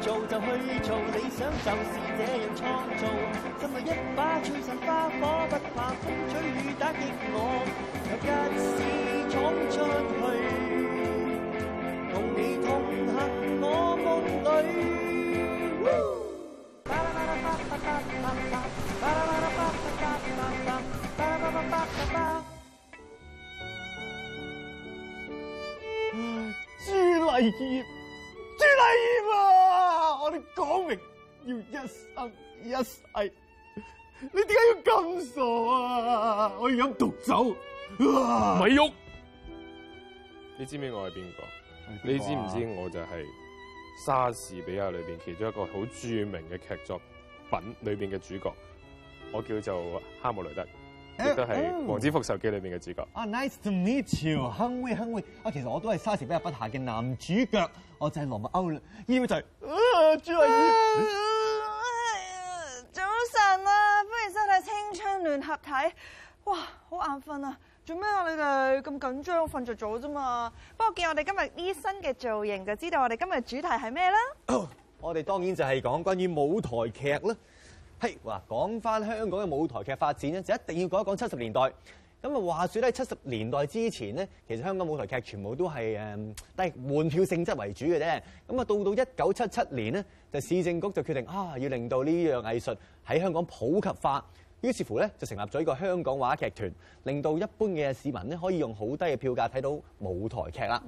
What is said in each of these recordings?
做就去做，理想就是這樣創造。心裏一把璀璨花火，不怕風吹雨打擊。我一日闖出去，同你同行我風雨，我夢裏。嗚。朱麗葉。要一生一世，你點解要咁傻啊？我要飲毒酒，啊，咪喐。你知唔知我係邊個？哇 你知唔知我就係莎士比亞裏邊其中一個好著名嘅劇作品裏邊嘅主角，我叫做哈姆雷特。亦都係《王子復仇記》裏面嘅主角。啊，nice to meet you，hungry hungry。啊，其實我都係莎士比亞筆下嘅男主角，我就係羅密歐。依位就係朱麗葉。早晨啊，歡迎收睇《青春聯合體》。哇，好眼瞓啊！做咩啊，你哋咁緊張？瞓着咗啫嘛。不過見我哋今日呢身嘅造型，就知道我哋今日主題係咩啦。我哋當然就係講關於舞台劇啦。嘿嗱講翻香港嘅舞台劇發展咧，就一定要講一講七十年代。咁啊話説咧，七十年代之前呢，其實香港舞台劇全部都係誒，係、嗯、門票性質為主嘅啫。咁啊，到到一九七七年呢，就市政局就決定啊，要令到呢樣藝術喺香港普及化。於是乎咧，就成立咗一個香港話劇團，令到一般嘅市民呢，可以用好低嘅票價睇到舞台劇啦。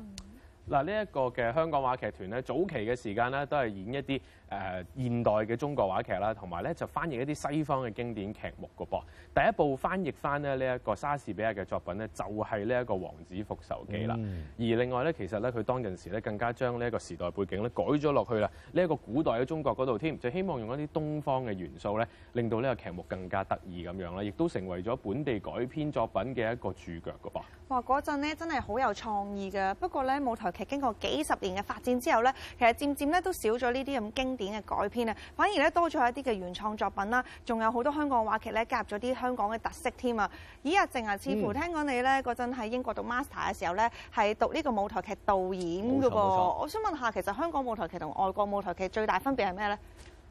嗱、嗯，呢一個嘅香港話劇團咧，早期嘅時間咧都係演一啲。誒現代嘅中國話劇啦，同埋咧就翻譯一啲西方嘅經典劇目個噃。第一部翻譯返咧呢一個莎士比亞嘅作品咧，就係呢一個《王子復仇記》啦、嗯。而另外咧，其實咧佢當陣時咧更加將呢一個時代背景咧改咗落去啦，呢一個古代嘅中國嗰度添，就希望用一啲東方嘅元素咧，令到呢個劇目更加得意咁樣啦，亦都成為咗本地改編作品嘅一個主角個噃。哇！嗰陣咧真係好有創意㗎。不過咧舞台劇經過幾十年嘅發展之後咧，其實漸漸咧都少咗呢啲咁經點嘅改編啊，反而咧多咗一啲嘅原創作品啦，仲有好多香港話劇咧，夾咗啲香港嘅特色添啊！咦，阿靜啊，似乎聽講你咧個陣喺英國讀 master 嘅時候咧，係讀呢個舞台劇導演嘅噃。我想問下，其實香港舞台劇同外國舞台劇最大分別係咩咧？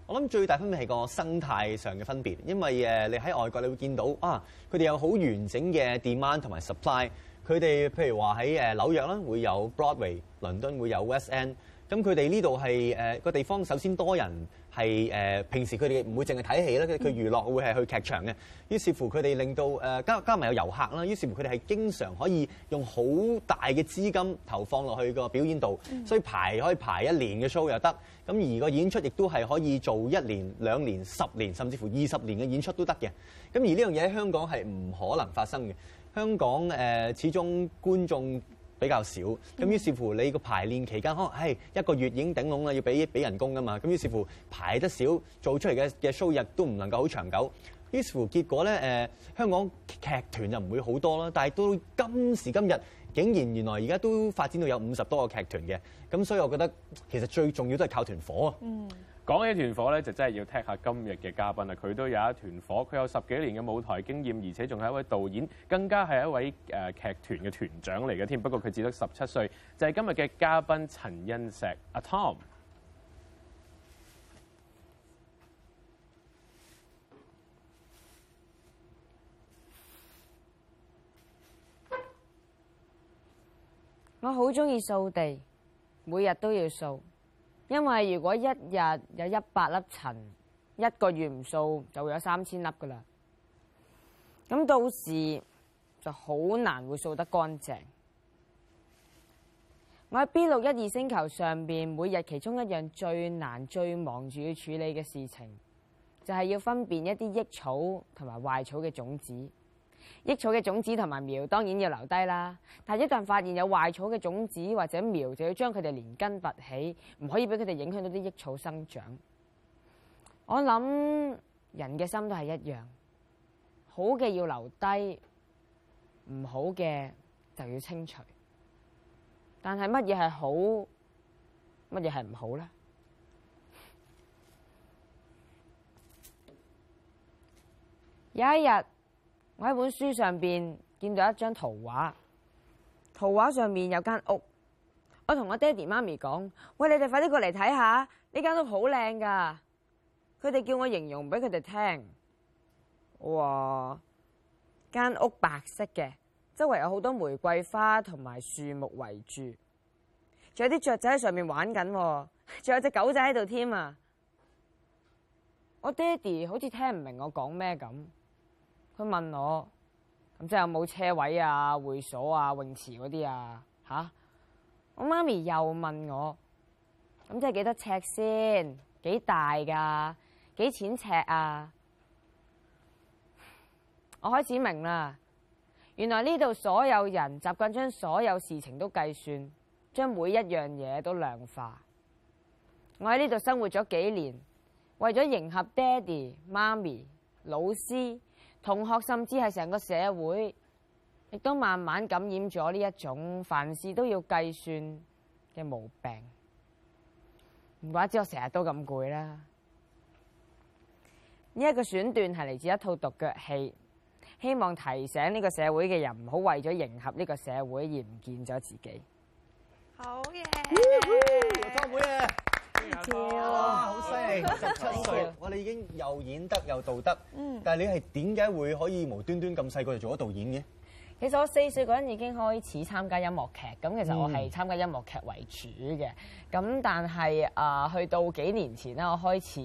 我諗最大分別係個生態上嘅分別，因為誒你喺外國，你會見到啊，佢哋有好完整嘅 demand 同埋 supply。佢哋譬如話喺誒紐約啦，會有 Broadway，倫敦會有 West End 咁佢哋呢度係誒個地方，首先多人係誒、呃、平時，佢哋唔會淨係睇戲啦，佢娛樂會係去劇場嘅。於是乎佢哋令到誒、呃、加加埋有遊客啦，於是乎佢哋係經常可以用好大嘅資金投放落去個表演度，所以排可以排一年嘅 show 又得。咁而個演出亦都係可以做一年、兩年、十年，甚至乎二十年嘅演出都得嘅。咁而呢樣嘢喺香港係唔可能發生嘅。香港誒、呃、始終觀眾。比較少，咁於是乎你個排練期間可能，一個月已經頂籠啦，要俾俾人工噶嘛，咁於是乎排得少，做出嚟嘅嘅收入都唔能夠好長久，於是乎結果咧、呃，香港劇團就唔會好多啦，但係到今時今日竟然原來而家都發展到有五十多個劇團嘅，咁所以我覺得其實最重要都係靠團火啊。嗯講起團火咧，就真係要踢下今日嘅嘉賓啦！佢都有一團火，佢有十幾年嘅舞台經驗，而且仲係一位導演，更加係一位誒、呃、劇團嘅團長嚟嘅添。不過佢只得十七歲，就係、是、今日嘅嘉賓陳欣石阿 Tom。我好鍾意掃地，每日都要掃。因為如果一日有一百粒塵，一個月唔掃就會有三千粒㗎喇。咁到時就好難會掃得乾淨。我喺 B 六一二星球上面，每日其中一樣最難、最忙住要處理嘅事情，就係、是、要分辨一啲益草同埋壞草嘅種子。益草嘅種子同埋苗當然要留低啦，但係一旦發現有壞草嘅種子或者苗，就要將佢哋連根拔起，唔可以俾佢哋影響到啲益草生長。我諗人嘅心都係一樣，好嘅要留低，唔好嘅就要清除。但係乜嘢係好，乜嘢係唔好呢？有一日，我喺本書上邊見到一張圖畫，圖畫上面有間屋。我同我爹哋媽咪講，喂，你哋快啲過嚟睇下呢間屋好靚噶！佢哋叫我形容俾佢哋聽。我話間屋白色嘅，周圍有好多玫瑰花同埋樹木圍住，仲有啲雀仔喺上面玩緊，仲有隻狗仔喺度添啊！我爹哋好似聽唔明我講咩咁。佢問我咁，即係有冇車位啊、會所啊、泳池嗰啲啊嚇？我媽咪又問我咁，即係幾多尺先？幾大噶？幾錢尺啊？我開始明啦，原來呢度所有人習慣將所有事情都計算，將每一樣嘢都量化。我喺呢度生活咗幾年，為咗迎合爹哋、媽咪、老師。同學甚至係成個社會，亦都慢慢感染咗呢一種凡事都要計算嘅毛病。唔怪之我成日都咁攰啦。呢一個選段係嚟自一套獨腳戲，希望提醒呢個社會嘅人唔好為咗迎合呢個社會而唔見咗自己。好嘢！哇、啊，好犀利！十七歲，我哋已經又演得又導得，嗯，但係你係點解會可以無端端咁細個就做咗導演嘅？其實我四歲嗰陣已經開始參加音樂劇，咁其實我係參加音樂劇為主嘅。咁、嗯、但係啊、呃，去到幾年前咧，我開始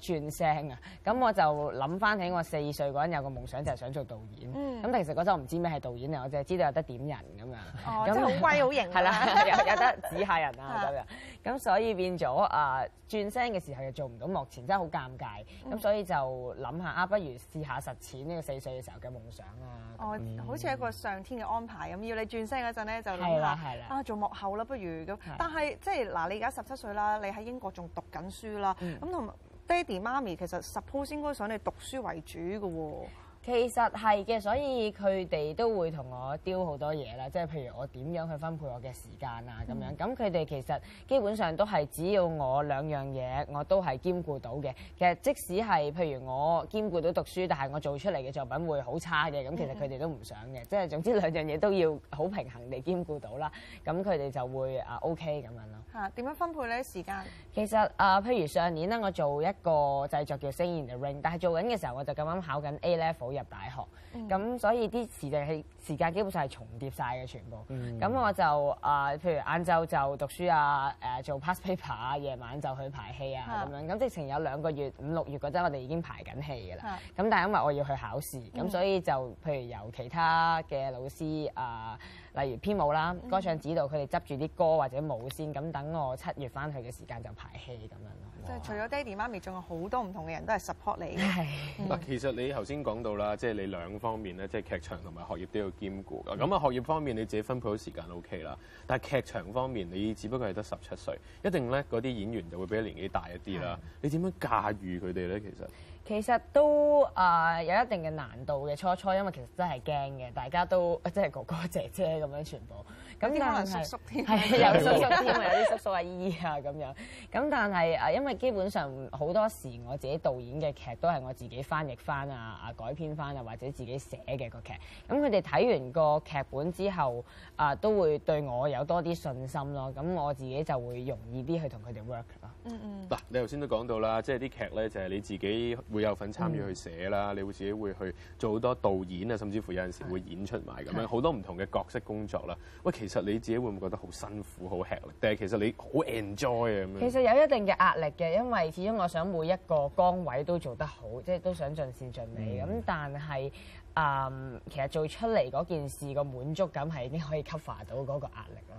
轉聲啊。咁我就諗翻起我四歲嗰陣有個夢想就係、是、想做導演。咁、嗯、其實嗰陣我唔知咩係導演啊，我就係知道有得點人咁樣。哦，那真好乖好型。係啦、嗯，有得指下人啊咁樣。 咁所以變咗啊，轉聲嘅時候又做唔到幕前，真係好尷尬。咁、嗯、所以就諗下啊，不如試下實踐呢個四歲嘅時候嘅夢想啊。嗯、哦，好似一個上天嘅安排咁，要你轉聲嗰陣咧就諗下啊，做幕後啦，不如咁。但係是的 即係嗱、啊，你而家十七歲啦，你喺英國仲讀緊書啦。咁同埋爹哋媽咪其實 suppose 應該想你讀書為主㗎喎。其實係嘅，所以佢哋都會同我丟好多嘢啦，即係譬如我點樣去分配我嘅時間啊咁樣。咁佢哋其實基本上都係只要我兩樣嘢，我都係兼顧到嘅。其實即使係譬如我兼顧到讀書，但係我做出嚟嘅作品會好差嘅，咁其實佢哋都唔想嘅。即係總之兩樣嘢都要好平衡地兼顧到啦。咁佢哋就會 OK 這啊 OK 咁樣咯。嚇？點樣分配咧時間？其實啊、呃，譬如上年咧，我做一個製作叫《Sing the Ring》，但係做緊嘅時候我就咁啱考緊 A Level。入大學，咁、嗯、所以啲時程係時間基本上係重疊晒嘅全部。咁、嗯、我就啊、呃，譬如晏晝就讀書啊，誒、呃、做 pass paper 啊，夜晚就去排戲啊咁的樣。咁直情有兩個月五六月嗰陣，我哋已經排緊戲嘅啦。咁的但係因為我要去考試，咁、嗯、所以就譬如由其他嘅老師啊、呃，例如編舞啦、歌唱指導，佢哋執住啲歌或者舞先，咁等我七月翻去嘅時間就排戲咁樣。即係哇除咗爹哋媽咪，仲有好多唔同嘅人都係 support 你。係是。嗱、嗯，其實你頭先講到啦，即、就、係、是、你兩方面咧，即、就、係、是、劇場同埋學業都要兼顧。咁啊、嗯，學業方面你自己分配好時間 OK 啦。但係劇場方面，你只不過係得十七歲，一定咧嗰啲演員就會比你年紀大一啲啦。的你點樣駕馭佢哋咧？其實？其實都啊有一定嘅難度嘅初初，因為其實真係驚嘅，大家都即係、啊、哥哥姐姐咁樣全部。咁點可能叔叔添？係啊，有叔叔添， 有啲叔叔阿姨啊咁、啊、樣。咁但係啊，因為基本上好多時我自己導演嘅劇都係我自己翻譯翻啊啊改編翻啊，或者自己寫嘅個劇。咁佢哋睇完個劇本之後啊，都會對我有多啲信心咯。咁我自己就會容易啲去同佢哋 work 咯。嗯嗯。嗱、啊，你頭先都講到啦，即係啲劇咧就係你自己，會有份參與去寫啦，嗯、你會自己會去做好多導演啊，甚至乎有陣時會演出埋咁樣，好是多唔同嘅角色工作啦。喂，其實你自己會唔會覺得好辛苦、好吃力？但係其實你好 enjoy 啊咁樣。其實有一定嘅壓力嘅，因為始終我想每一個崗位都做得好，即係都想盡善盡美。咁、嗯、但係，嗯，其實做出嚟嗰件事個滿足感係已經可以 cover 到嗰個壓力咯。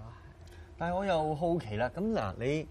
但係我又好奇啦，咁嗱你。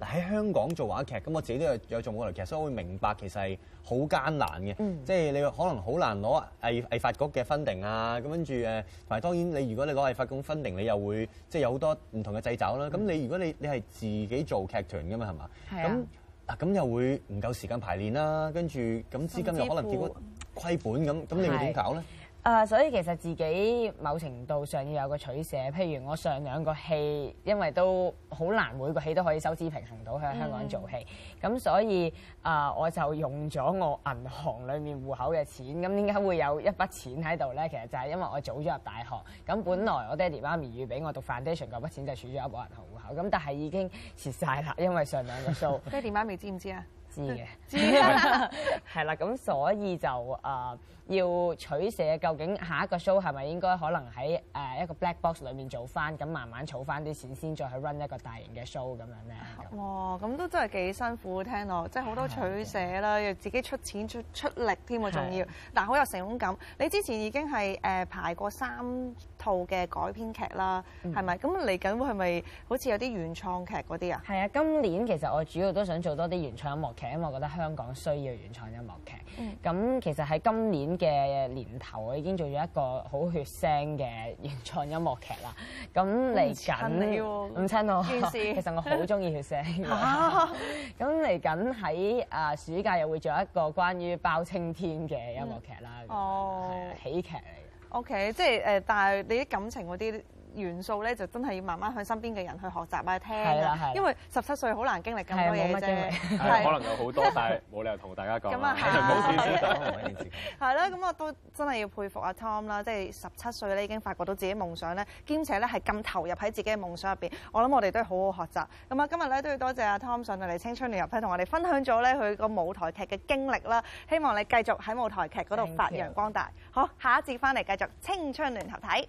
喺香港做話劇，咁我自己都有有做舞台劇，所以會明白其實係好艱難嘅，嗯、即係你可能好難攞藝藝發局嘅 funding 啊，咁跟住誒，同埋當然你如果你攞藝發局 funding，你又會即係、就是、有好多唔同嘅掣肘啦。咁、嗯、你如果你你係自己做劇團嘅嘛，係嘛？咁嗱是、啊，咁又會唔夠時間排練啦，跟住咁資金又可能結果虧本，咁咁你會點搞咧？是啊嗯啊，uh, 所以其實自己某程度上要有個取捨，譬如我上兩個戲，因為都好難每個戲都可以收支平衡到喺香港做戲，咁、嗯、所以啊，uh, 我就用咗我銀行裡面戶口嘅錢。咁點解會有一筆錢喺度咧？其實就係因為我早咗入大學，咁本來我爹哋媽咪預俾我讀 foundation 嗰筆錢就儲咗喺我銀行戶口，咁但係已經蝕晒啦，因為上兩個數。爹哋 媽咪知唔知啊？知嘅， 係啦，咁所以就誒、呃、要取捨。究竟下一個 show 係咪應該可能喺誒、呃、一個 black box 裏面做翻，咁慢慢儲翻啲錢，先再去 run 一個大型嘅 show 咁樣咧。哇、哦，咁都真係幾辛苦，聽落即係好多取捨啦，是的 要自己出錢出出力添喎，仲要，是的 但係好有成功感。你之前已經係誒、呃、排過三。套嘅改編劇啦，係咪？咁嚟緊會係咪好似有啲原創劇嗰啲啊？係啊，今年其實我主要都想做多啲原創音樂劇啊，因為我覺得香港需要原創音樂劇。咁、嗯、其實喺今年嘅年頭，我已經做咗一個好血腥嘅原創音樂劇啦。咁嚟緊唔親我，是其實我好中意血腥嘅。咁嚟緊喺啊 暑假又會做一個關於包青天嘅音樂劇啦，嗯、樣哦、啊，喜劇嚟。O.K. 即係誒、呃，但係你啲感情嗰啲，元素咧就真係要慢慢向身邊嘅人去學習啊，聽啊，因為十七歲好難經歷咁多嘢啫。係可能有好多，但係冇理由同大家講、啊啊嗯。咁啊、嗯，冇少自覺，冇少自覺。係啦，咁我都真係要佩服阿 Tom 啦，即係十七歲咧已經發覺到自己嘅夢想咧，兼且咧係咁投入喺自己嘅夢想入邊。我諗我哋都要好好學習。咁、嗯、啊，今日咧都要多謝阿 Tom 上到嚟青春聯合體，同我哋分享咗咧佢個舞台劇嘅經歷啦。希望你繼續喺舞台劇嗰度發揚光大。好，下一節翻嚟繼續青春聯合體。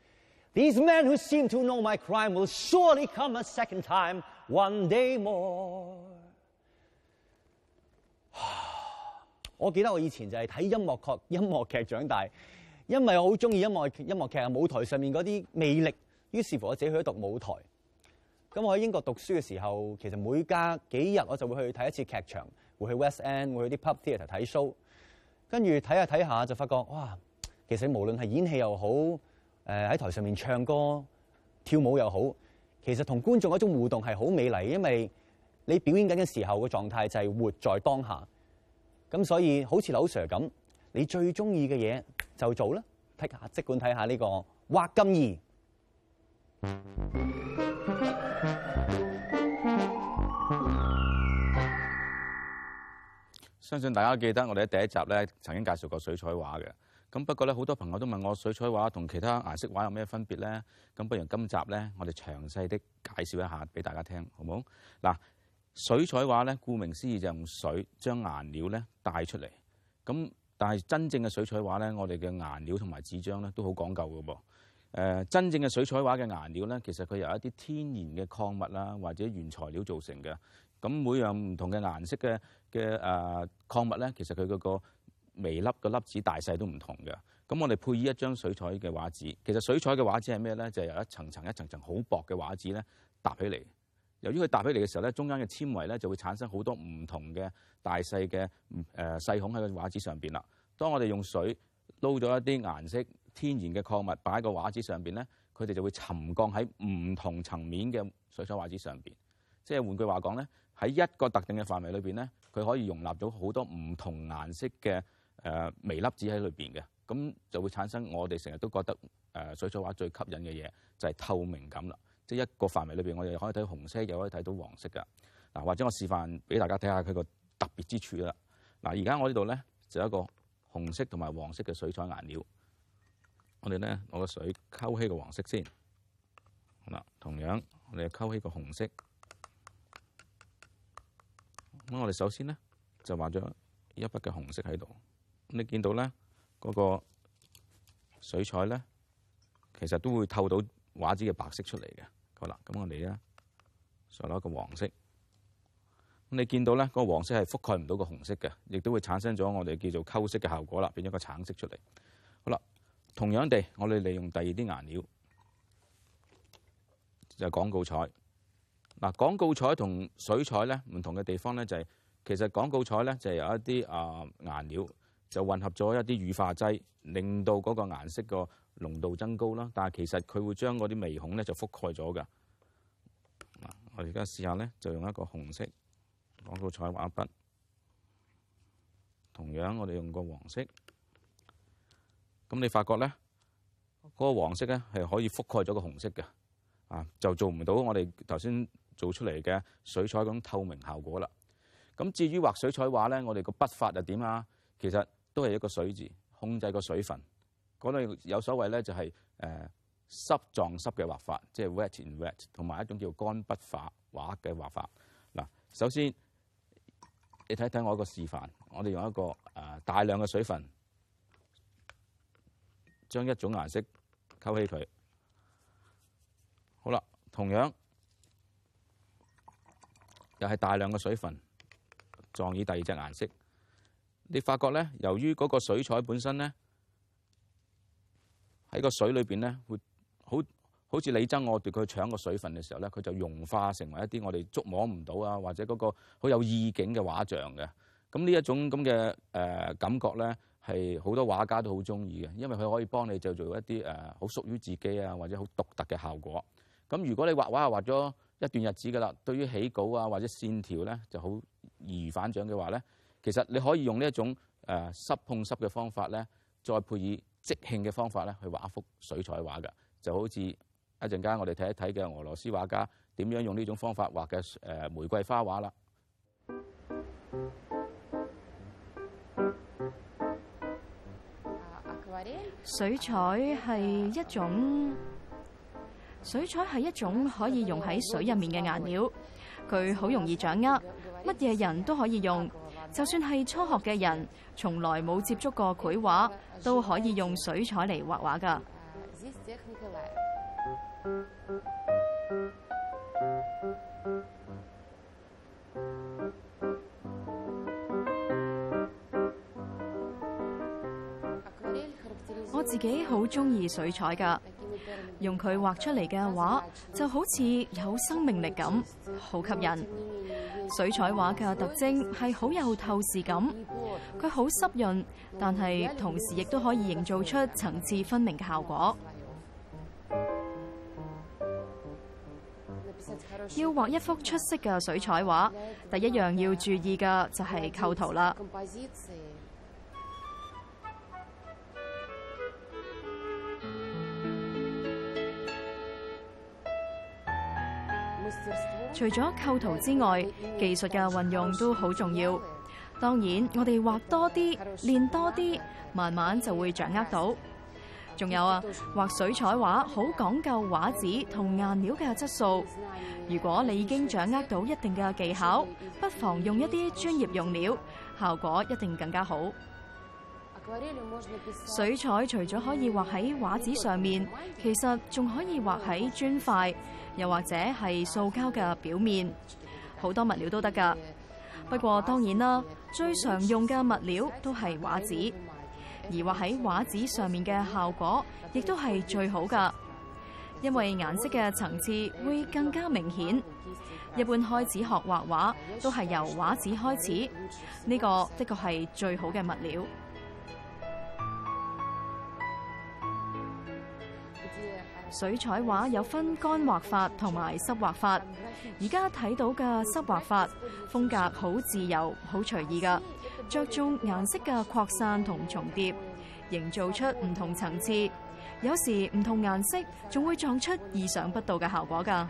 These men who seem to know my crime will surely come a second time one day more 我記得我以前就係睇音樂劇音樂劇長大因為我好中意音樂音樂劇啊舞台上面嗰啲魅力於是乎我自己去咗讀舞台咁我喺英國讀書嘅時候其實每隔幾日我就會去睇一次劇場會去 West End 會去啲 pub theatre 睇 show 跟住睇下睇下就發覺哇其實無論係演戲又好誒，喺台上面唱歌跳舞又好，其實同觀眾的一種互動係好美麗，因為你表演緊嘅時候嘅狀態就係活在當下。咁所以好似劉 Sir 咁，你最中意嘅嘢就做啦。睇下即管睇下呢個畫金二，相信大家記得我哋喺第一集咧曾經介紹過水彩畫嘅。咁不過咧，好多朋友都問我水彩畫同其他顏色畫有咩分別呢？咁不如今集呢，我哋詳細啲介紹一下俾大家聽，好唔好？嗱，水彩畫呢，顧名思義就用水將顏料咧帶出嚟。咁但係真正嘅水彩畫呢，我哋嘅顏料同埋紙張咧都好講究嘅噃。誒、呃，真正嘅水彩畫嘅顏料呢，其實佢由一啲天然嘅礦物啦、啊，或者原材料做成嘅。咁每樣唔同嘅顏色嘅嘅誒礦物呢，其實佢嗰個。微粒個粒子大細都唔同嘅，咁我哋配以一張水彩嘅畫紙。其實水彩嘅畫紙係咩咧？就係由一層層、一層層好薄嘅畫紙咧搭起嚟。由於佢搭起嚟嘅時候咧，中間嘅纖維咧就會產生好多唔同嘅大細嘅誒細孔喺個畫紙上邊啦。當我哋用水撈咗一啲顏色天然嘅礦物擺喺個畫紙上邊咧，佢哋就會沉降喺唔同層面嘅水彩畫紙上邊。即係換句話講咧，喺一個特定嘅範圍裏邊咧，佢可以容納到好多唔同顏色嘅。誒微粒子喺裏邊嘅，咁就會產生我哋成日都覺得誒水彩畫最吸引嘅嘢就係透明感啦。即係一個範圍裏邊，我哋可以睇紅色，又可以睇到黃色噶。嗱，或者我示範俾大家睇下佢個特別之處啦。嗱，而家我呢度咧就有一個紅色同埋黃色嘅水彩顏料，我哋咧攞個水溝起個黃色先。嗱，同樣我哋溝起個紅色。咁我哋首先咧就畫咗一筆嘅紅色喺度。你見到咧嗰個水彩咧，其實都會透到畫紙嘅白色出嚟嘅。好啦，咁我哋咧就攞一個黃色。咁你見到咧嗰個黃色係覆蓋唔到個紅色嘅，亦都會產生咗我哋叫做溝色嘅效果啦，變咗個橙色出嚟。好啦，同樣地，我哋利用第二啲顏料就係廣告彩。嗱，廣告彩同水彩咧唔同嘅地方咧就係其實廣告彩咧就係有一啲啊呃顏料。就混合咗一啲乳化劑，令到嗰個顏色個濃度增高啦。但係其實佢會將嗰啲微孔咧就覆蓋咗㗎。我哋而家試下咧，就用一個紅色廣告彩畫筆，同樣我哋用個黃色。咁你發覺咧，嗰個黃色咧係可以覆蓋咗個紅色嘅，啊，就做唔到我哋頭先做出嚟嘅水彩嗰種透明效果啦。咁至於畫水彩畫咧，我哋個筆法又點啊？其實都係一個水字，控制個水分。講到有所謂咧、就是，就係誒濕撞濕嘅畫法，即係 wet in wet，同埋一種叫乾筆畫畫嘅畫法。嗱，首先你睇睇我一個示範，我哋用一個誒大量嘅水分，將一種顏色溝起佢。好啦，同樣又係大量嘅水分撞於第二隻顏色。你發覺咧，由於嗰個水彩本身咧，喺個水裏邊咧，會好好似你爭我奪佢搶個水分嘅時候咧，佢就融化成為一啲我哋觸摸唔到啊，或者嗰個好有意境嘅畫像嘅。咁呢一種咁嘅誒感覺咧，係好多畫家都好中意嘅，因為佢可以幫你製造一啲誒好屬於自己啊，或者好獨特嘅效果。咁如果你畫畫啊畫咗一段日子噶啦，對於起稿啊或者線條咧就好易如反掌嘅話咧。其實你可以用呢一種誒濕碰濕嘅方法咧，再配以即興嘅方法咧，去畫一幅水彩畫㗎，就好似一陣間我哋睇一睇嘅俄羅斯畫家點樣用呢種方法畫嘅誒玫瑰花畫啦。水彩係一種，水彩係一種可以用喺水入面嘅顏料，佢好容易掌握，乜嘢人都可以用。就算係初學嘅人，從來冇接觸過繪畫，都可以用水彩嚟畫畫㗎。我自己好鍾意水彩㗎，用佢畫出嚟嘅畫就好似有生命力咁，好吸引。水彩畫嘅特徵係好有透視感，佢好濕潤，但係同時亦都可以營造出層次分明嘅效果。要畫一幅出色嘅水彩畫，第一樣要注意嘅就係構圖啦。除咗構圖之外，技術嘅運用都好重要。當然，我哋畫多啲，練多啲，慢慢就會掌握到。仲有啊，畫水彩畫好講究畫紙同顏料嘅質素。如果你已經掌握到一定嘅技巧，不妨用一啲專業用料，效果一定更加好。水彩除咗可以畫喺畫紙上面，其實仲可以畫喺磚塊，又或者係塑膠嘅表面，好多物料都得噶。不過當然啦，最常用嘅物料都係畫紙，而畫喺畫紙上面嘅效果，亦都係最好噶。因為顏色嘅層次會更加明顯。一般開始學畫畫，都係由畫紙開始，呢個的確係最好嘅物料。水彩畫有分乾畫法同埋濕畫法，而家睇到嘅濕畫法風格好自由、好隨意㗎，着重顏色嘅擴散同重疊，營造出唔同層次。有時唔同顏色仲會撞出意想不到嘅效果㗎。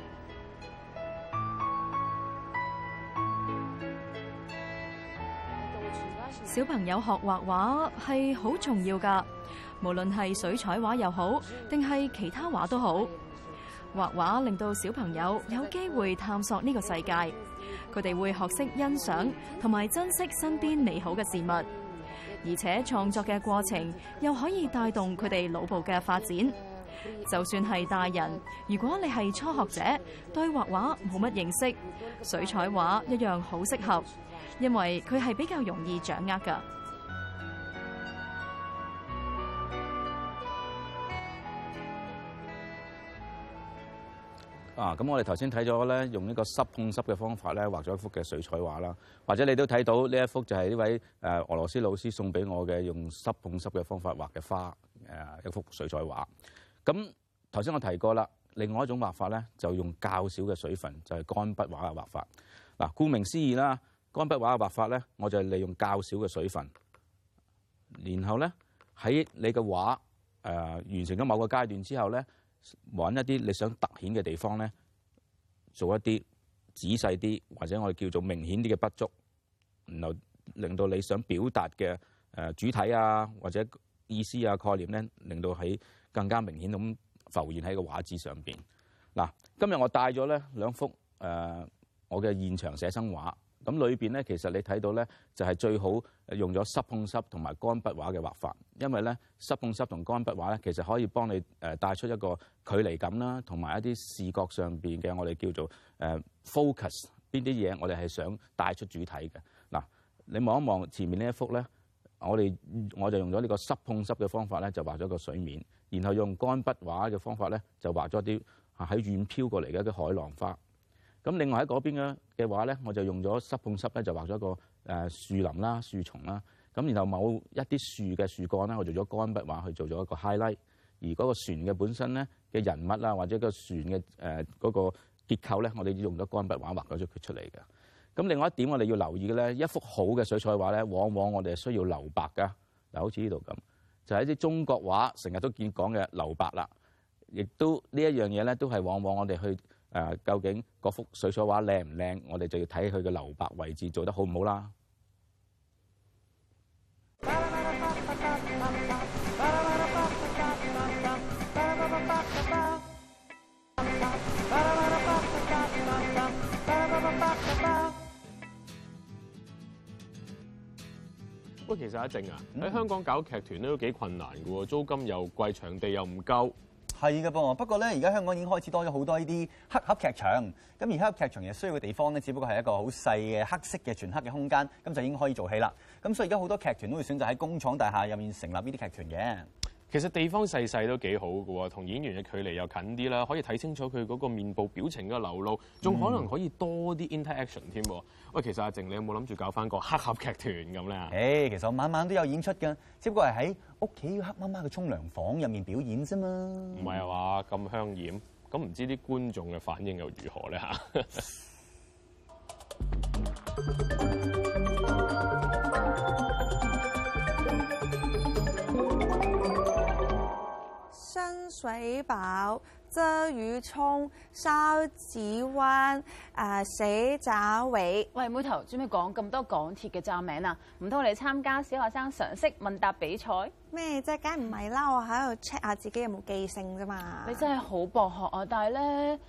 小朋友學畫畫係好重要㗎。無論係水彩畫又好，定係其他畫都好，畫畫令到小朋友有機會探索呢個世界，佢哋會學識欣賞同埋珍惜身邊美好嘅事物，而且創作嘅過程又可以帶動佢哋腦部嘅發展。就算係大人，如果你係初學者，對畫畫冇乜認識，水彩畫一樣好適合，因為佢係比較容易掌握㗎。啊！咁我哋頭先睇咗咧，用呢個濕碰濕嘅方法咧，畫咗一幅嘅水彩畫啦。或者你都睇到呢一幅就係呢位誒俄羅斯老師送俾我嘅，用濕碰濕嘅方法畫嘅花誒一幅水彩畫。咁頭先我提過啦，另外一種畫法咧，就用較少嘅水分，就係、是、乾筆畫嘅畫法。嗱，顧名思義啦，乾筆畫嘅畫法咧，我就係利用較少嘅水分，然後咧喺你嘅畫誒、呃、完成咗某個階段之後咧。揾一啲你想突顯嘅地方咧，做一啲仔細啲，或者我哋叫做明顯啲嘅筆觸，然後令到你想表達嘅誒主題啊，或者意思啊、概念咧，令到喺更加明顯咁浮現喺個畫紙上邊。嗱，今日我帶咗咧兩幅誒我嘅現場寫生畫。咁裏面咧，其實你睇到咧，就係最好用咗濕碰濕同埋乾筆畫嘅畫法，因為咧濕碰濕同乾筆畫咧，其實可以幫你誒帶出一個距離感啦，同埋一啲視覺上面嘅我哋叫做 focus 邊啲嘢，我哋係想帶出主體嘅。嗱，你望一望前面呢一幅咧，我哋我就用咗呢個濕碰濕嘅方法咧，就畫咗個水面，然後用乾筆畫嘅方法咧，就畫咗啲喺遠飄過嚟嘅一啲海浪花。咁另外喺嗰邊嘅話咧，我就用咗濕碰濕咧，就畫咗一個誒樹林啦、樹叢啦。咁然後某一啲樹嘅樹幹咧，我做咗乾筆畫去做咗一個 highlight。而嗰個船嘅本身咧嘅人物啦，或者個船嘅誒嗰個結構咧，我哋用咗乾筆畫畫咗出佢出嚟嘅。咁另外一點我哋要留意嘅咧，一幅好嘅水彩畫咧，往往我哋係需要留白噶。嗱，好似呢度咁，就係、就是、一啲中國畫成日都見講嘅留白啦。亦都呢一樣嘢咧，都係往往我哋去。誒，究竟嗰幅水彩畫靚唔靚？我哋就要睇佢嘅留白位置做得好唔好啦。喂，其實阿靜啊，喺香港搞劇團咧都幾困難㗎喎，租金又貴，場地又唔夠。係㗎噃，不過咧，而家香港已經開始多咗好多呢啲黑盒劇場。咁而黑盒劇場嘅需要嘅地方咧，只不過係一個好細嘅黑色嘅全黑嘅空間，咁就已經可以做戲啦。咁所以而家好多劇團都會選擇喺工廠大廈入面成立呢啲劇團嘅。其實地方細細都幾好嘅喎，同演員嘅距離又近啲啦，可以睇清楚佢嗰個面部表情嘅流露，仲可能可以多啲 interaction 添喎。喂，其實阿靜，你有冇諗住搞翻個黑盒劇團咁咧？誒，hey, 其實我晚晚都有演出嘅，只不過係喺屋企黑媽媽嘅沖涼房入面表演啫嘛。唔係啊嘛，咁香艷，咁唔知啲觀眾嘅反應又如何咧嚇？ 深水埗、鰂魚湧、筲箕灣、誒蛇爪尾，喂，妹頭，做咩講咁多港鐵嘅站名啊？唔通我哋參加小學生常識問答比賽咩？即係梗唔係啦，嗯、我喺度 check 下自己有冇記性啫嘛。你真係好博學啊！但係咧。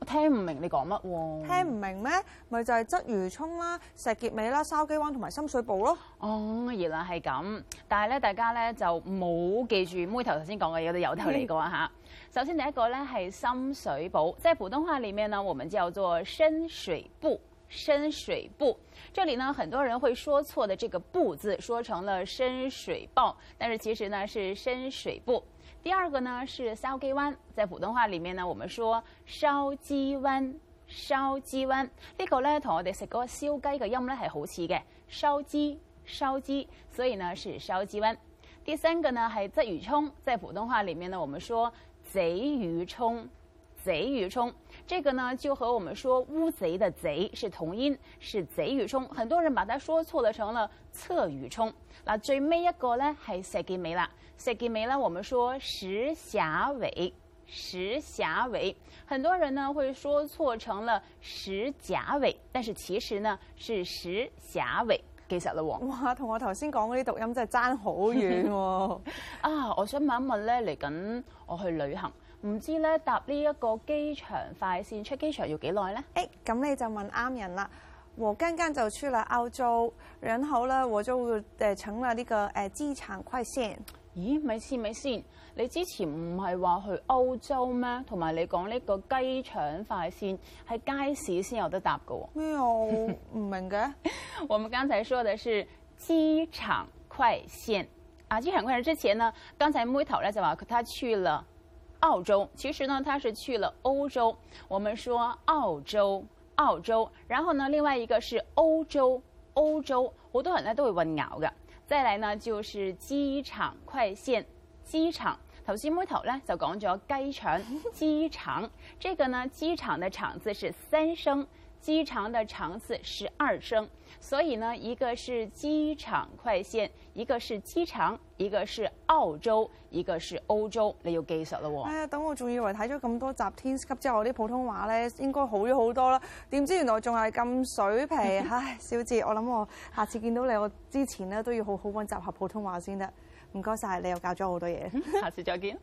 我聽唔明你講乜喎？聽唔明咩？咪就係、是、鰭魚涌啦、石硤尾啦、筲箕灣同埋深水埗咯。哦，原來係咁。但係咧，大家咧就冇記住妹頭頭先講嘅嘢，我哋由頭嚟過啊嚇。嗯、首先第一個咧係深水埗，即係普通話裏面呢，我們叫做深水埗。深水埗，這裡呢很多人會說錯的這個“埗”字，說成了深水報，但是其實呢是深水埗。第二個呢是燒雞灣，在普通話裏面呢，我們說燒雞灣，燒雞灣。呢個呢，同我哋食嗰個燒雞嘅音呢係好似嘅，燒雞，燒雞，所以呢是燒雞灣。第三個呢係賊魚涌，在普通話裏面呢，我們說賊魚涌，賊魚涌。這個呢就和我們說烏賊的賊是同音，是賊魚涌。很多人把它說錯了成了側魚涌。嗱，最尾一個呢係石硤尾啦。塞給尾啦！我們說石峽尾，石峽尾，很多人呢會說錯成了石甲尾，但是其實呢是石峽尾，記實啦、哦！哇，同我頭先講嗰啲讀音真係爭好遠喎！ 啊，我想問一問咧，嚟緊我去旅行，唔知咧搭機機呢一個機場快綫出機場要幾耐咧？誒、欸，咁你就問啱人啦！我剛剛就出了歐洲，然後咧我就誒乘了呢個誒機場快綫。咦，咪先咪先，你之前唔係話去歐洲咩？同埋你講呢個雞腸快線，喺街市先有得搭嘅喎。咩唔明嘅。 我們剛才說的是機場快線。啊！機場快線之前呢，剛才妹頭咧就話佢，他去了澳洲。其實呢，他是去了歐洲。我們說澳洲，澳洲。然後呢，另外一個是歐洲，歐洲。好多人咧都會混淆嘅。再來呢，就是機場快線，機場。頭先妹頭呢，就講咗機場，機場 這個呢，機場的場字是三聲。機場嘅長次十二聲，所以呢，一個是機場快線，一個是機場，一個是澳洲，一個是歐洲。歐洲你要記實咯喎！哎呀，等我仲以為睇咗咁多集《Teens Club》之後，我啲普通話咧應該好咗好多啦，點知原來仲係咁水皮。 唉，小智，我諗我下次見到你，我之前咧都要好好溫習下普通話先得。唔該晒，你又教咗我好多嘢。下次再見。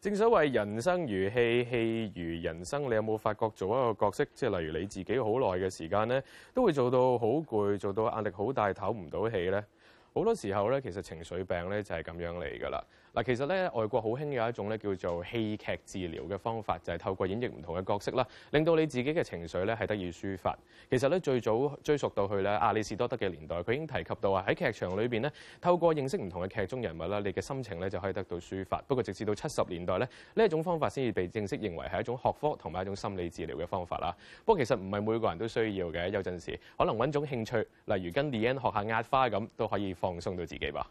正所謂人生如戲，戲如人生。你有冇發覺做一個角色，即係例如你自己好耐嘅時間呢，都會做到好攰，做到壓力好大，唞唔到氣呢？好多時候呢，其實情緒病呢，就係咁樣嚟㗎喇。嗱，其實咧，外國好興有一種咧，叫做戲劇治療嘅方法，就係透過演繹唔同嘅角色啦，令到你自己嘅情緒咧係得以抒發。其實咧，最早追溯到去咧亞里斯多德嘅年代，佢已經提及到啊，喺劇場裏邊咧，透過認識唔同嘅劇中人物啦，你嘅心情咧就可以得到抒發。不過直至到七十年代咧，呢一種方法先至被正式認為係一種學科同埋一種心理治療嘅方法啦。不過其實唔係每個人都需要嘅，有陣時可能搵種興趣，例如跟 Leon 學下壓花咁，都可以放鬆到自己吧。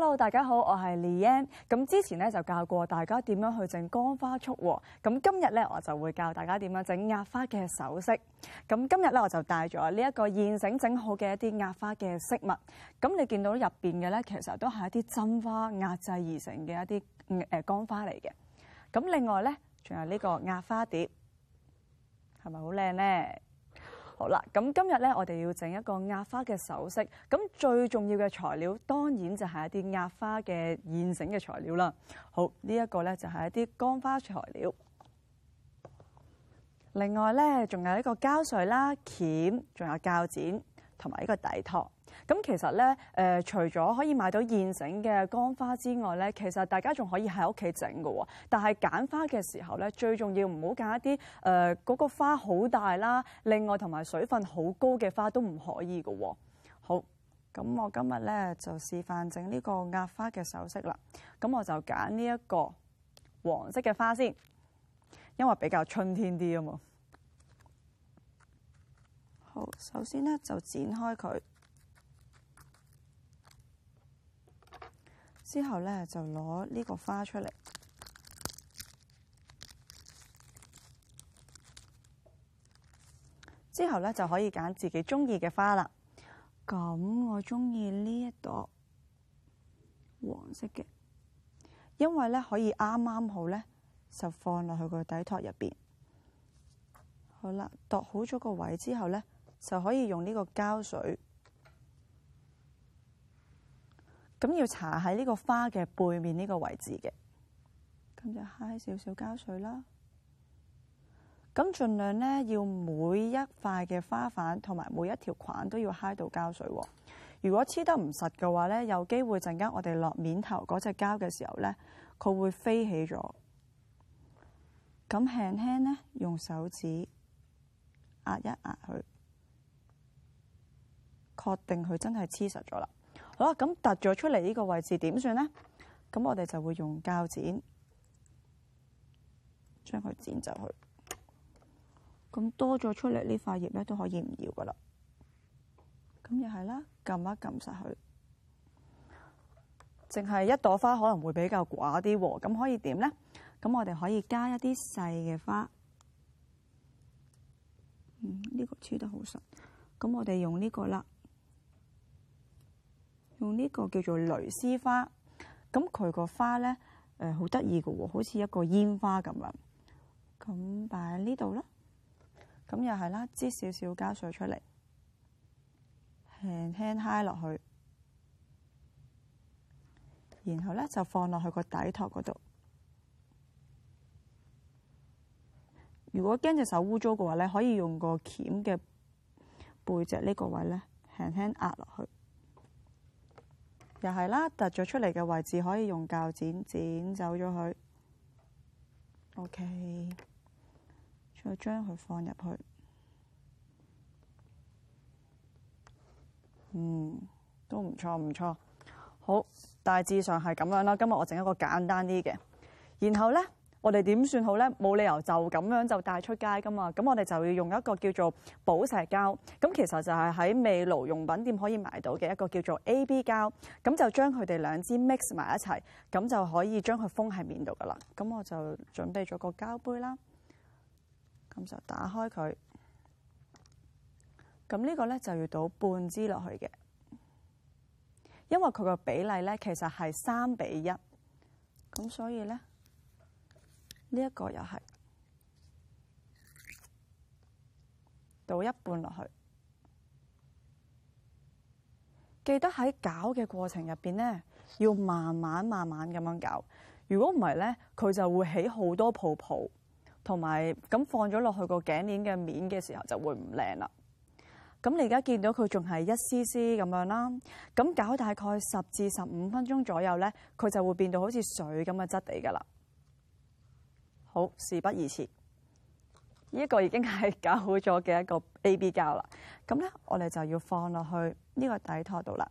Hello，大家好，我係 Leon。咁之前咧就教過大家點樣去整乾花束。咁今日咧，我就會教大家點樣整壓花嘅首飾。咁今日咧，我就帶咗呢一個現整整好嘅一啲壓花嘅飾物。咁你見到入邊嘅咧，其實都係一啲真花壓製而成嘅一啲誒乾花嚟嘅。咁另外咧，仲有呢個壓花碟，係咪好靚咧？好啦，咁今日咧，我哋要整一個壓花嘅首飾。咁最重要嘅材料當然就係一啲壓花嘅現成嘅材料啦。好，這個、呢、就是、一個咧就係一啲乾花材料。另外咧，仲有一個膠水啦、鉗、仲有鉸剪同埋一個底托。咁其實咧，誒、呃、除咗可以買到現成嘅乾花之外咧，其實大家仲可以喺屋企整㗎喎。但係揀花嘅時候咧，最重要唔好揀一啲誒嗰個花好大啦，另外同埋水分好高嘅花都唔可以㗎喎、哦。好，咁我今日咧就示範整呢個壓花嘅首飾啦。咁我就揀呢一個黃色嘅花先，因為比較春天啲啊嘛。好，好，首先咧就剪開佢。之後呢，就攞呢個花出嚟，之後呢，就可以揀自己中意嘅花啦。咁我中意呢一朵黃色嘅，因為呢可以啱啱好呢，就放落去個底托入邊。好啦，度好咗個位之後呢，就可以用呢個膠水。咁要搽喺呢個花嘅背面呢個位置嘅，咁就揩少少膠水啦。咁盡量呢，要每一塊嘅花瓣同埋每一條框都要揩到膠水。如果黐得唔實嘅話呢，有機會陣間我哋落面頭嗰隻膠嘅時候呢，佢會飛起咗。咁輕輕呢，用手指壓一壓佢，確定佢真係黐實咗啦。好啦，咁凸咗出嚟呢個位置點算呢？咁我哋就會用鉸剪將佢剪走去。咁多咗出嚟呢塊葉咧，都可以唔要噶啦。咁又係啦，撳一撳實佢。淨係一朵花可能會比較寡啲喎，咁可以點呢？咁我哋可以加一啲細嘅花。嗯，呢、這個黐得好實。咁我哋用呢個啦。用呢個叫做蕾絲花，咁佢個花咧，誒好得意嘅喎，好似一個煙花咁樣，咁擺喺呢度啦。咁又係啦，擠少少膠水出嚟，輕輕嗨落去，然後咧就放落去個底托嗰度。如果驚隻手污糟嘅話咧，可以用個鉗嘅背脊呢個位咧，輕輕壓落去。又係啦，凸咗出嚟嘅位置可以用鉸剪剪走咗佢。OK，再將佢放入去。嗯，都唔錯唔錯。好，大致上係咁樣啦。今日我整一個簡單啲嘅，然後咧。我哋點算好呢？冇理由就咁樣就帶出街噶嘛。咁我哋就要用一個叫做寶石膠。咁其實就係喺美勞用品店可以買到嘅一個叫做 AB 膠。咁就將佢哋兩支 mix 埋一齊，咁就可以將佢封喺面度噶啦。咁我就準備咗個膠杯啦。咁就打開佢。咁呢個呢，就要倒半支落去嘅，因為佢個比例呢，其實係三比一。咁所以呢。呢一個又係倒一半落去，記得喺攪嘅過程入邊咧，要慢慢慢慢咁樣攪。如果唔係咧，佢就會起好多泡泡，同埋咁放咗落去個頸鏈嘅面嘅時候就會唔靚啦。咁你而家見到佢仲係一絲絲咁樣啦。咁攪大概十至十五分鐘左右咧，佢就會變到好似水咁嘅質地噶啦。好，事不宜遲。呢一個已經係搞好咗嘅一個 A B 膠啦。咁咧，我哋就要放落去呢個底托度啦。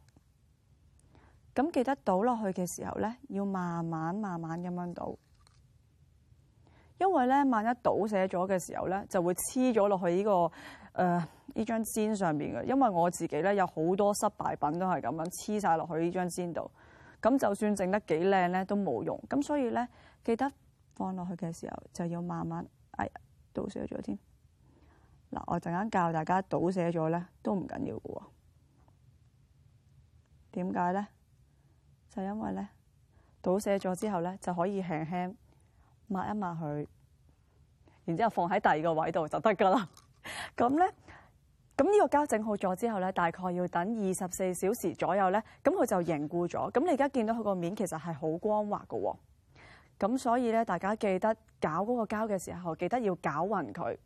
咁記得倒落去嘅時候咧，要慢慢慢慢咁樣倒，因為咧，萬一倒瀉咗嘅時候咧，就會黐咗落去呢個誒呢張煎上邊嘅。因為我自己咧，有好多失敗品都係咁樣黐晒落去呢張煎度。咁就算整得幾靚咧，都冇用。咁所以咧，記得。放落去嘅時候就要慢慢，哎倒瀉咗添。嗱，我陣間教大家倒瀉咗咧都唔緊要嘅喎。點解咧？就因為咧倒瀉咗之後咧就可以輕輕抹一抹佢，然之後放喺第二個位度就得噶啦。咁 咧，咁呢個膠整好咗之後咧，大概要等二十四小時左右咧，咁佢就凝固咗。咁你而家見到佢個面其實係好光滑嘅。咁所以咧，大家記得搞嗰個膠嘅時候，記得要搞勻佢。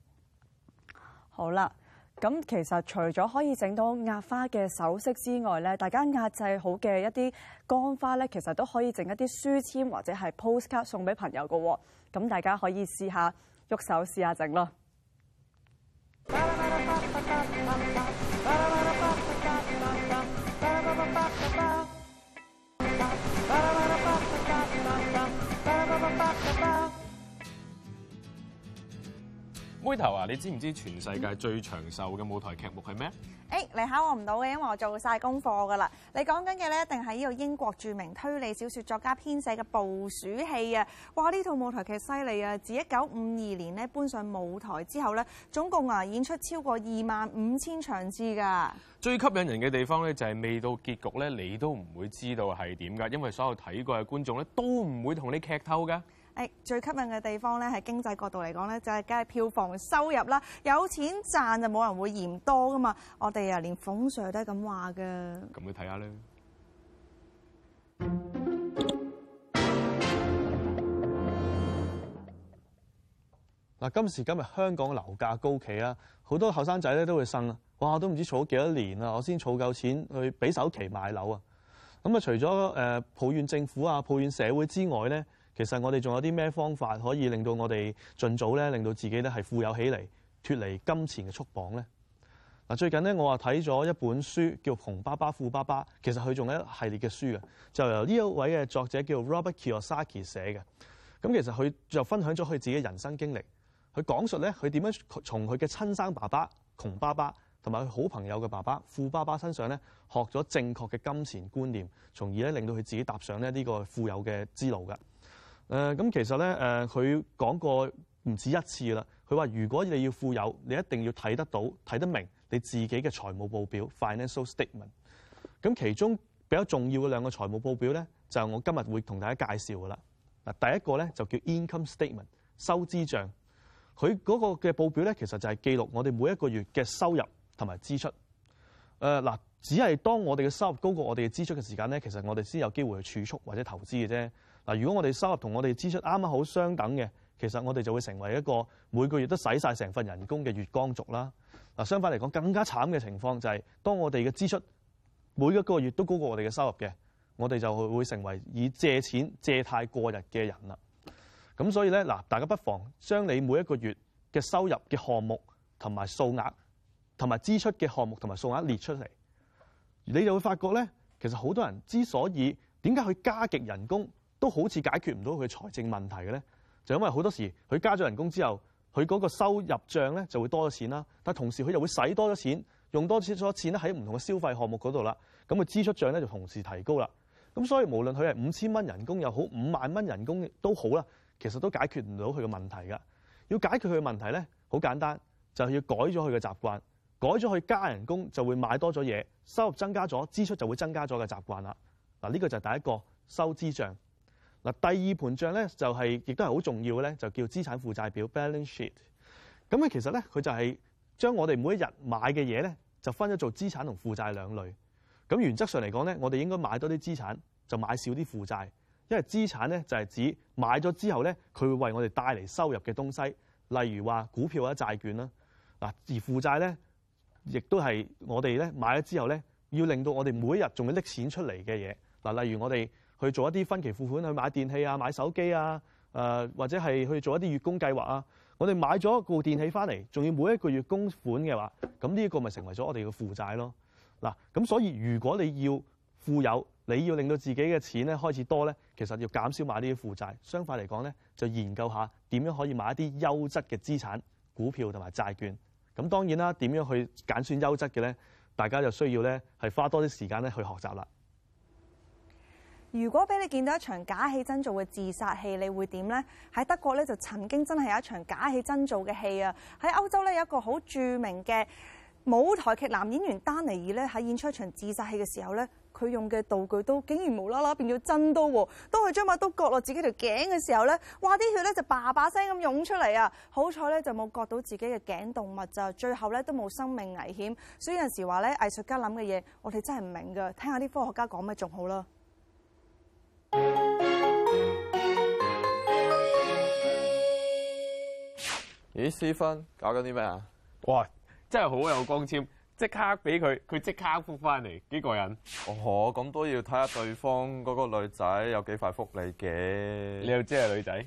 好啦，咁其實除咗可以整到壓花嘅首飾之外咧，大家壓製好嘅一啲乾花咧，其實都可以整一啲書簽或者係 postcard 送俾朋友嘅喎，啊。咁大家可以試下喐手試下整咯。啊啊啊啊啊啊妹頭啊，你知唔知全世界最長壽嘅舞台劇目係咩？誒、欸，你考我唔到嘅，因為我做晒功課噶啦。你講緊嘅咧，一定係呢個英國著名推理小說作家編寫嘅《捕鼠器》啊。哇，呢套舞台劇犀利啊！自一九五二年咧搬上舞台之後咧，總共啊演出超過二萬五千場次噶。最吸引人嘅地方咧，就係、是、未到結局咧，你都唔會知道係點噶，因為所有睇過嘅觀眾咧，都唔會同你劇透噶。誒、哎、最吸引嘅地方咧，喺經濟角度嚟講咧，就係梗係票房收入啦。有錢賺就冇人會嫌多噶嘛。我哋啊，連鳳 Sir 都係咁話嘅。咁你睇下啦。嗱，今時今日香港樓價高企啊，好多後生仔咧都會呻啦、啊。哇，都唔知儲咗幾多年啦、啊，我先儲夠錢去俾首期買樓啊。咁、嗯、啊，除咗誒、呃、抱怨政府啊、抱怨社會之外咧。其實我哋仲有啲咩方法可以令到我哋盡早咧，令到自己咧係富有起嚟，脫離金錢嘅束綁咧。嗱，最近咧，我話睇咗一本書叫《窮爸爸富爸爸》，其實佢仲有一系列嘅書就由呢一位嘅作者叫 Robert Kiyosaki 寫嘅。咁其實佢就分享咗佢自己人生經歷，佢講述咧佢點樣從佢嘅親生爸爸窮爸爸同埋佢好朋友嘅爸爸富爸爸身上咧學咗正確嘅金錢觀念，從而咧令到佢自己踏上呢呢個富有嘅之路㗎。咁、嗯、其實咧，誒、呃、佢講過唔止一次啦。佢話：如果你要富有，你一定要睇得到、睇得明你自己嘅財務報表 （financial statement）。咁 Stat、嗯、其中比較重要嘅兩個財務報表咧，就係、我今日會同大家介紹嘅啦。嗱，第一個咧就叫 income statement，收支帳。佢嗰個嘅報表咧，其實就係記錄我哋每一個月嘅收入同埋支出。嗱、呃，只係當我哋嘅收入高過我哋嘅支出嘅時間咧，其實我哋先有機會去儲蓄或者投資嘅啫。嗱，如果我哋收入同我哋支出啱啱好相等嘅，其實我哋就會成為一個每個月都使晒成份人工嘅月光族啦。嗱，相反嚟講，更加慘嘅情況就係當我哋嘅支出每一個月都高過我哋嘅收入嘅，我哋就會成為以借錢借貸過日嘅人啦。咁所以咧，嗱，大家不妨將你每一個月嘅收入嘅項目同埋數額同埋支出嘅項目同埋數額列出嚟，你就會發覺咧，其實好多人之所以點解去加極人工？都好似解決唔到佢財政問題嘅咧，就因為好多時佢加咗人工之後，佢嗰個收入帳咧就會多咗錢啦。但同時佢又會使多咗錢，用多咗錢喺唔同嘅消費項目嗰度啦。咁佢支出帳咧就同時提高啦。咁所以無論佢係五千蚊人工又好，五萬蚊人工都好啦，其實都解決唔到佢嘅問題㗎。要解決佢嘅問題咧，好簡單，就係要改咗佢嘅習慣，改咗佢加人工就會買多咗嘢，收入增加咗，支出就會增加咗嘅習慣啦。嗱，呢個就係第一個收支帳。嗱，第二盤帳咧就係、是，亦都係好重要嘅咧，就叫資產負債表 （balance sheet）。咁咧其實咧，佢就係將我哋每一日買嘅嘢咧，就分咗做資產同負債兩類。咁原則上嚟講咧，我哋應該買多啲資產，就買少啲負債。因為資產咧就係指買咗之後咧，佢會為我哋帶嚟收入嘅東西，例如話股票或者債券啦。嗱，而負債咧，亦都係我哋咧買咗之後咧，要令到我哋每一日仲要搦錢出嚟嘅嘢。嗱，例如我哋，去做一啲分期付款去買電器啊、買手機啊，呃、或者係去做一啲月供計劃啊。我哋買咗一部電器翻嚟，仲要每一個月供款嘅話，咁呢一個咪成為咗我哋嘅負債咯。嗱、啊，咁所以如果你要富有，你要令到自己嘅錢咧開始多咧，其實要減少買呢啲負債。相反嚟講咧，就研究一下點樣可以買一啲優質嘅資產、股票同埋債券。咁當然啦，點樣去揀選優質嘅咧？大家就需要咧係花多啲時間咧去學習啦。如果俾你見到一場假戲真做嘅自殺戲，你會點呢？喺德國咧就曾經真係有一場假戲真做嘅戲啊！喺歐洲咧有一個好著名嘅舞台劇男演員丹尼爾咧喺演出一場自殺戲嘅時候咧，佢用嘅道具都竟然無啦啦變咗真刀喎。當佢將把刀割落自己條頸嘅時候咧，哇！啲血咧就叭叭聲咁湧出嚟啊！好彩咧就冇割到自己嘅頸動脈就，最後咧都冇生命危險。所以有陣時話咧藝術家諗嘅嘢，我哋真係唔明噶。聽下啲科學家講咩仲好啦。咦，思芬搞緊啲咩啊？哇，真係好有光纖，即刻俾佢，佢即刻覆翻嚟。幾個人？哦，咁都要睇下對方嗰個女仔有幾塊福利嘅。你又知係女仔？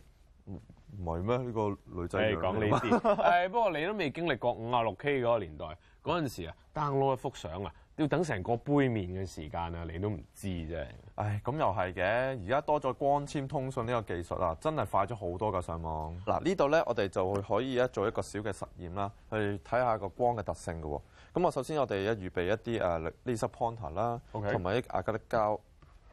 唔係咩？呢、這個女仔。誒，講呢啲。誒、 哎，不過你都未經歷過五啊六 K 嗰個年代，嗰陣時啊，download 一幅相啊。要等成個杯麵嘅時間啊！你都唔知啫。唉，咁又係嘅。而家多咗光纖通訊呢個技術啊，真係快咗好多噶上網。嗱，呢度咧，我哋就會可以一做一個小嘅實驗啦，去睇下個光嘅特性嘅。咁我首先我哋一預備一啲誒 laser pointer 啦，同埋啲亞克力膠，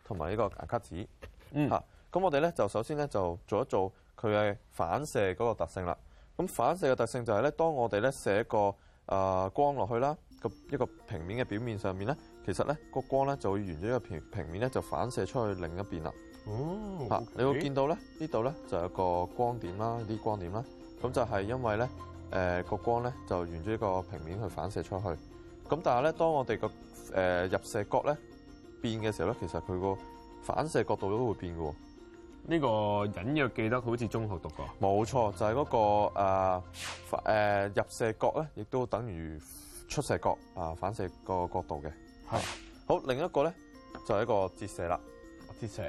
同埋呢個牙卡紙。嗯。嚇，咁我哋咧就首先咧就做一做佢嘅反射嗰個特性啦。咁反射嘅特性就係咧，當我哋咧射一個誒光落去啦。個一個平面嘅表面上面咧，其實咧個光咧就會沿住一個平平面咧就反射出去另一邊啦。哦，嚇！你會見到咧呢度咧就有個光點啦，啲光點啦。咁就係因為咧誒個光咧就沿住一個平面去反射出去。咁但係咧當我哋個誒入射角咧變嘅時候咧，其實佢個反射角度都會變㗎喎。呢個隱約記得好似中學讀過。冇錯，就係嗰個誒誒入射角咧，亦都等於，出射角啊、呃，反射個角，角度嘅，係的好另一個咧，就係、是、一個折射啦，折射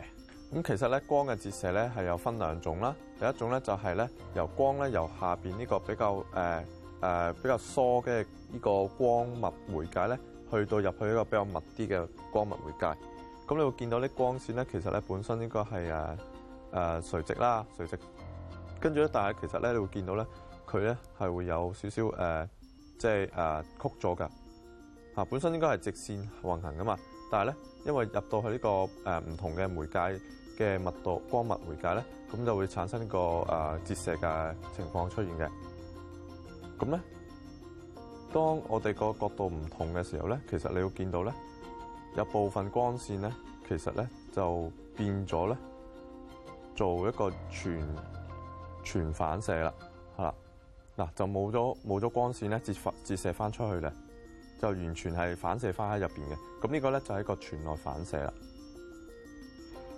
咁其實咧光嘅折射咧係有分兩種啦，第一種咧就係、是、咧由光咧由下邊呢個比較誒誒、呃呃、比較疏嘅呢個光密媒介咧，去到入去呢個比較密啲嘅光密媒介，咁你會見到啲光線咧，其實咧本身應該係誒誒垂直啦，垂直，跟住咧，但係其實咧你會見到咧，佢咧係會有少少誒。呃即係誒曲咗㗎，嚇本身應該係直線運行㗎嘛，但係咧因為入到去、這、呢個誒唔、呃、同嘅媒介嘅密度光密媒介咧，咁就會產生呢個、呃、折射嘅情況出現嘅。咁咧，當我哋個角度唔同嘅時候咧，其實你要見到咧，有部分光線咧，其實咧就變咗咧，做一個全全反射啦。嗱，就冇咗冇咗光線咧，折射折射翻出去咧，就完全係反射翻喺入邊嘅。咁呢個咧就係、是、一個全內反射啦。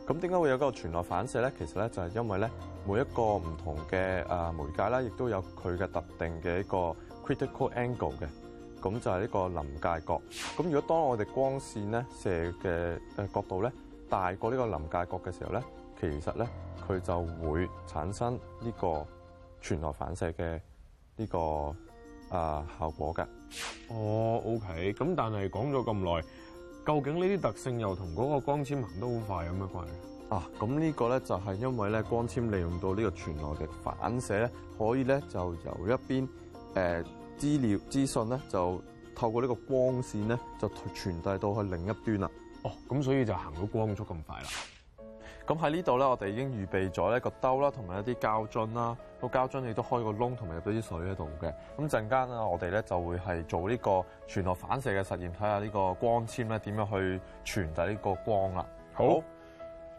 咁點解會有一個全內反射咧？其實咧就係、是、因為咧每一個唔同嘅誒、呃、媒介啦，亦都有佢嘅特定嘅一個 critical angle 嘅。咁就係呢個臨界角。咁如果當我哋光線咧射嘅誒角度咧大過呢個臨界角嘅時候咧，其實咧佢就會產生呢個全內反射嘅。呢、這個啊、呃、效果㗎。哦、oh，OK。咁但係講咗咁耐，究竟呢啲特性又同嗰個光纖行得好快有咩關係咧？啊，咁呢個咧就係因為咧光纖利用到呢個傳來嘅反射咧，可以咧就由一邊誒、呃、資料資訊咧就透過呢個光線咧就傳遞到去另一端啦。哦，咁所以就行到光速咁快啦。咁喺呢度咧，我哋已經預備咗一個兜啦，同埋一啲膠樽啦。個膠樽亦都開個窿，同埋入咗啲水喺度嘅。咁陣間啊，我哋咧就會係做呢個全內反射嘅實驗，睇下呢個光纖咧點樣去傳遞呢個光啦。好，好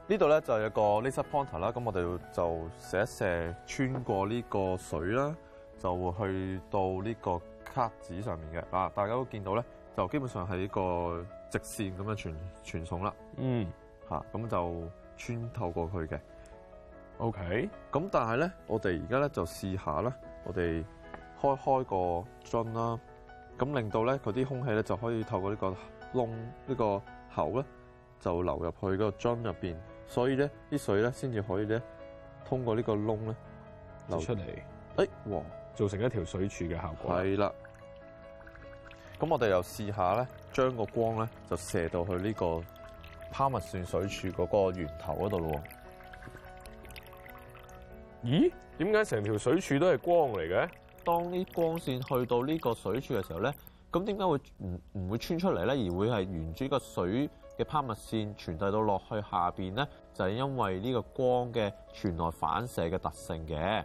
呢度咧就有一個 laser pointer 啦。咁我哋就射一射，穿過呢個水啦，就會去到呢個卡紙上面嘅嗱、啊。大家都見到咧，就基本上係呢個直線咁樣傳傳送啦。嗯，吓、啊，咁就。穿透過去嘅，OK。咁但係咧，我哋而家咧就試下咧，我哋開開個樽啦，咁令到咧嗰啲空氣咧就可以透過呢個窿、呢個口咧，就流入去嗰個樽入邊。所以咧，啲水咧先至可以咧通過呢個窿咧流出嚟。哎，哇！造成一條水柱嘅效果。係啦。咁我哋又試下咧，將個光咧就射到去呢個。拋物線水柱嗰個源頭嗰度咯喎？咦？點解成條水柱都係光嚟嘅？當啲光線去到呢個水柱嘅時候咧，咁點解會唔唔會穿出嚟咧？而會係沿住個水嘅拋物線傳遞到落去下邊咧？就係因為呢個光嘅傳來反射嘅特性嘅。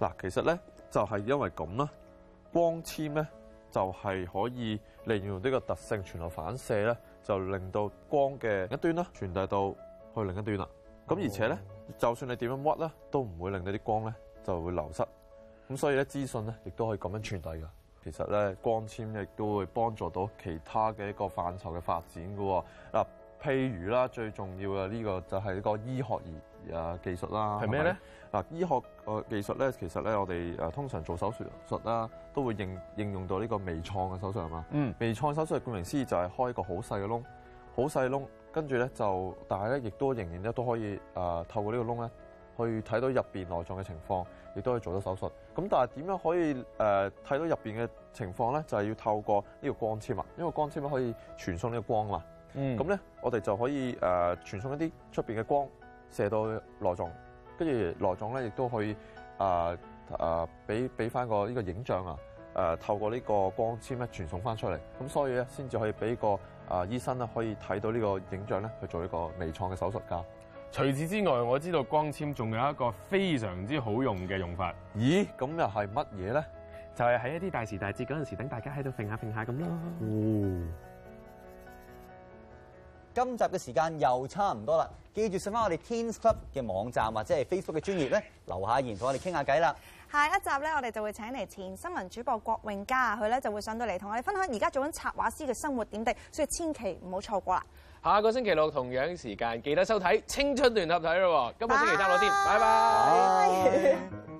嗱，其實咧就係因為咁啦，光纖咧就係可以利用呢個特性傳來反射咧。就令到光嘅一端啦，傳遞到去另一端啦。咁而且咧，oh. 就算你點樣屈咧，都唔會令到啲光咧就會流失。咁所以咧，資訊咧亦都可以咁樣傳遞㗎。其實咧，光纖亦都會幫助到其他嘅一個範疇嘅發展㗎喎。嗱、啊，譬如啦，最重要嘅呢個就係一個醫學儀。啊，技術啦，係咩咧？嗱，醫學誒技術咧，其實咧，我哋誒通常做手術手術啦，都會應應用到呢個微創嘅手術嘛。嗯，微創手術顧名思義就係開一個好細嘅窿，好細嘅窿，跟住咧就，但係咧亦都仍然咧都可以誒、呃、透過這個洞呢個窿咧去睇到入邊內臟嘅情況，亦都可以做到手術。咁但係點樣可以誒睇、呃、到入邊嘅情況咧？就係、是、要透過呢個光纖啊，因為光纖可以傳送呢個光嘛。嗯，咁咧我哋就可以誒、呃、傳送一啲出邊嘅光。射到內臟，跟住內臟咧，亦都可以啊啊，俾俾翻個呢個影像啊，誒、呃、透過呢個光纖咧傳送翻出嚟，咁所以咧先至可以俾個啊、呃、醫生咧可以睇到呢個影像咧去做呢個微創嘅手術噶。除此之外，我知道光纖仲有一個非常之好用嘅用法。咦，咁又係乜嘢咧？就係喺一啲大時大節嗰陣時，等大家喺度揈下揈下咁囉。哦。今集嘅時間又差唔多啦，記住上翻我哋 Teens Club 嘅網站或者係 Facebook 嘅專頁咧，留下言同我哋傾下偈啦。下一集咧，我哋就會請嚟前新聞主播郭永嘉，佢咧就會上到嚟同我哋分享而家做緊插畫師嘅生活點滴，所以千祈唔好錯過啦。下個星期六同樣時間記得收睇《青春聯合體》咯。今個星期收我先，拜拜。